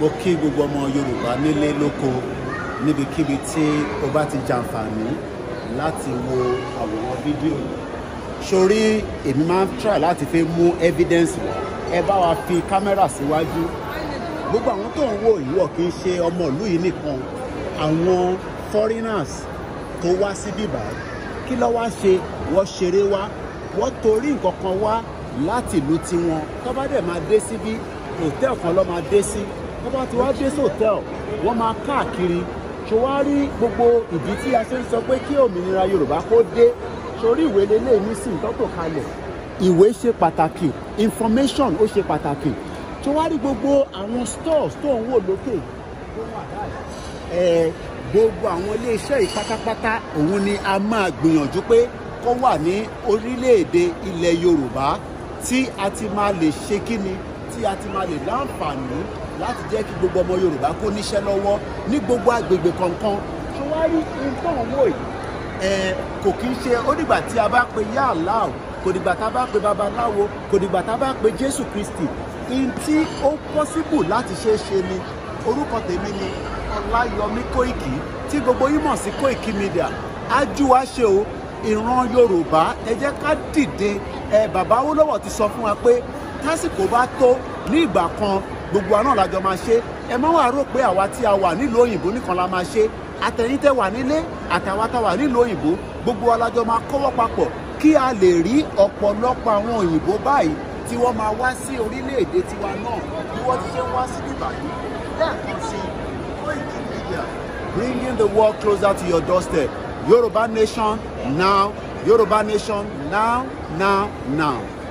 mo kí gbogbo ọmọ Yorùbá nílé lóko níbikíbi tí o bá ti jàǹfààní láti wo àwòrán fídíò sórí èmi máa ń try láti fi mú evidence wá ẹ bá wa fi kámẹ́rà síwájú gbogbo àwọn tó ń wò ìwọ kì í ṣe ọmọ ìlú yìí nìkan àwọn foreigners tó wá síbí báyìí kí ló wá ṣe wọ́n ṣeré wá wọ́n torí nǹkan kan wá láti ìlú tiwọn tó dẹ̀ máa dé síbí hòtẹ́ẹ̀lì kan máa dé sí wọ́n bá ti wá dé sòtẹ́ẹ̀l wọ́n máa káàkiri ṣò wá rí gbogbo ìdí tí a ṣe ń sọ pé kí òmìnira Yorùbá kó dé sórí ìwé lélẹ̀ ní sí ìtọ́tò kalẹ̀ ìwé ṣe pàtàkì information ó ṣe pàtàkì ṣò wá rí gbogbo àwọn stores tó ń wò lókè tó wà láì gbogbo àwọn iléeṣẹ́ yìí pátápátá òun ni a máa gbìyànjú pé kó wà ní orílẹ̀-èdè ilẹ̀ Yorùbá tí a ti máa lè ṣe kí ni tí a ti máa lè láǹfààní láti jẹ́ kí gbogbo ọmọ Yorùbá kó níṣẹ́ lọ́wọ́ ní gbogbo agbègbè kọ̀ọ̀kan ṣé wàá rí nǹkan wò yìí kò kí ń ṣe ó dìgbà tí a bá pe yá aláwọ̀ kò dìgbà tá a bá pe babaláwo kò dìgbà tá a bá pe Jésù Kristi in tí ó pọ́síbù láti ṣeé ṣe ni orúkọ tèmi ni Ọláyọmí Kóìkì tí gbogbo yín mọ̀ sí Kóìkì Media ájú ṣe o ìran Yorùbá ẹ jẹ́ ká dìde ẹ bàbá Awólọ́wọ̀ ti sọ fún wa pé tásìkò bá tó ní ìgbà kan gbogbo wa náà lájọ máa ṣe ẹ má wàá rò pé àwa tí a wà nílùú òyìnbó nìkan la máa ṣe àtẹ̀yìn tẹ́ wà nílé àtàwa tá wà nílùú òyìnbó gbogbo wa lájọ máa kọ́wọ́ papọ̀ kí a lè rí ọ̀pọ̀lọpọ̀ àwọn òyìnbó báyìí tí wọ́n máa wá sí orílẹ̀-èdè tiwa náà bí wọ́n ti ṣe wá sí bíbáyìí bringing the world closer to your doorstep Yoruba Nation now Yoruba Nation now now now.